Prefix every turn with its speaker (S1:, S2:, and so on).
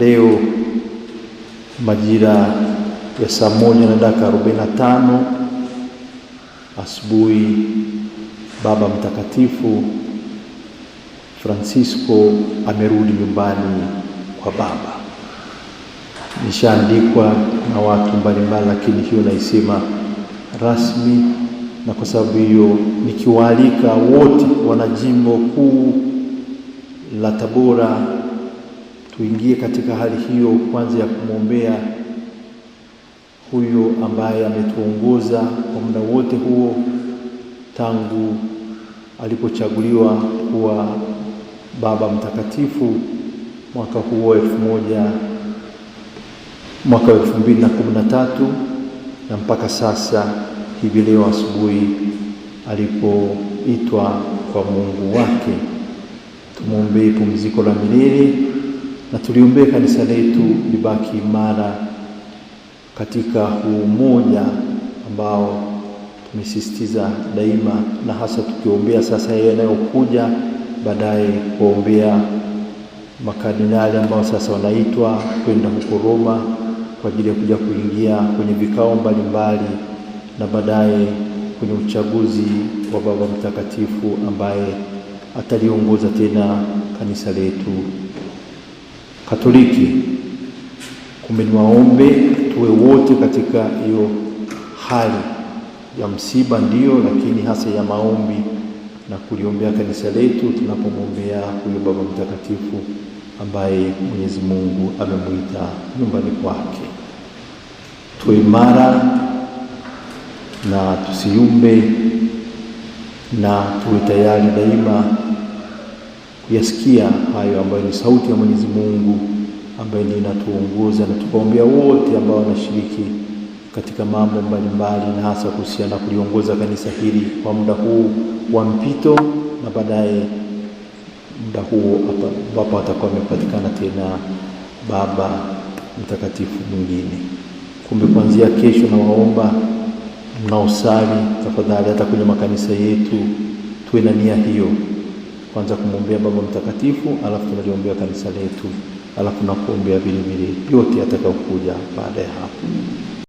S1: leo majira ya saa moja na dakika arobaini na tano asubuhi, Baba Mtakatifu Francisco amerudi nyumbani kwa Baba. Nishaandikwa na watu mbalimbali, lakini hiyo naisema rasmi, na kwa sababu hiyo nikiwaalika wote wanajimbo kuu la Tabora tuingie katika hali hiyo kwanza ya kumwombea huyo ambaye ametuongoza kwa muda wote huo tangu alipochaguliwa kuwa Baba Mtakatifu mwaka huo elfu moja mwaka wa elfu mbili na kumi na tatu na mpaka sasa hivi leo asubuhi alipoitwa kwa Mungu wake. Tumwombee pumziko la milele na tuliombee kanisa letu libaki imara katika umoja ambao tumesisitiza daima, na hasa tukiombea sasa yanayokuja baadaye, kuombea makardinali ambao sasa wanaitwa kwenda huko Roma kwa ajili ya kuja kuingia kwenye vikao mbalimbali mbali, na baadaye kwenye uchaguzi wa Baba Mtakatifu ambaye ataliongoza tena kanisa letu. Katoliki. Kumbe ni waombe tuwe wote katika hiyo hali ya msiba, ndiyo, lakini hasa ya maombi na kuliombea kanisa letu tunapomwombea huyo Baba Mtakatifu ambaye Mwenyezi Mungu amemwita nyumbani kwake. Tuwe imara na tusiyumbe, na tuwe tayari daima kuyasikia hayo ambayo ni sauti ya Mwenyezi Mungu ambayo ndiye inatuongoza na tukaombea wote ambao wanashiriki katika mambo mbalimbali na hasa kuhusiana na kuliongoza kanisa hili kwa muda huu wa mpito na baadaye muda huo ambapo atakuwa amepatikana tena Baba Mtakatifu mwingine. Kumbe kuanzia kesho, na waomba mnaosali tafadhali, hata kwenye makanisa yetu tuwe na nia hiyo kwanza kumwombea Baba Mtakatifu, alafu tunaliombea kanisa letu, alafu na kuombea vile vile yote atakayokuja baada ya hapo.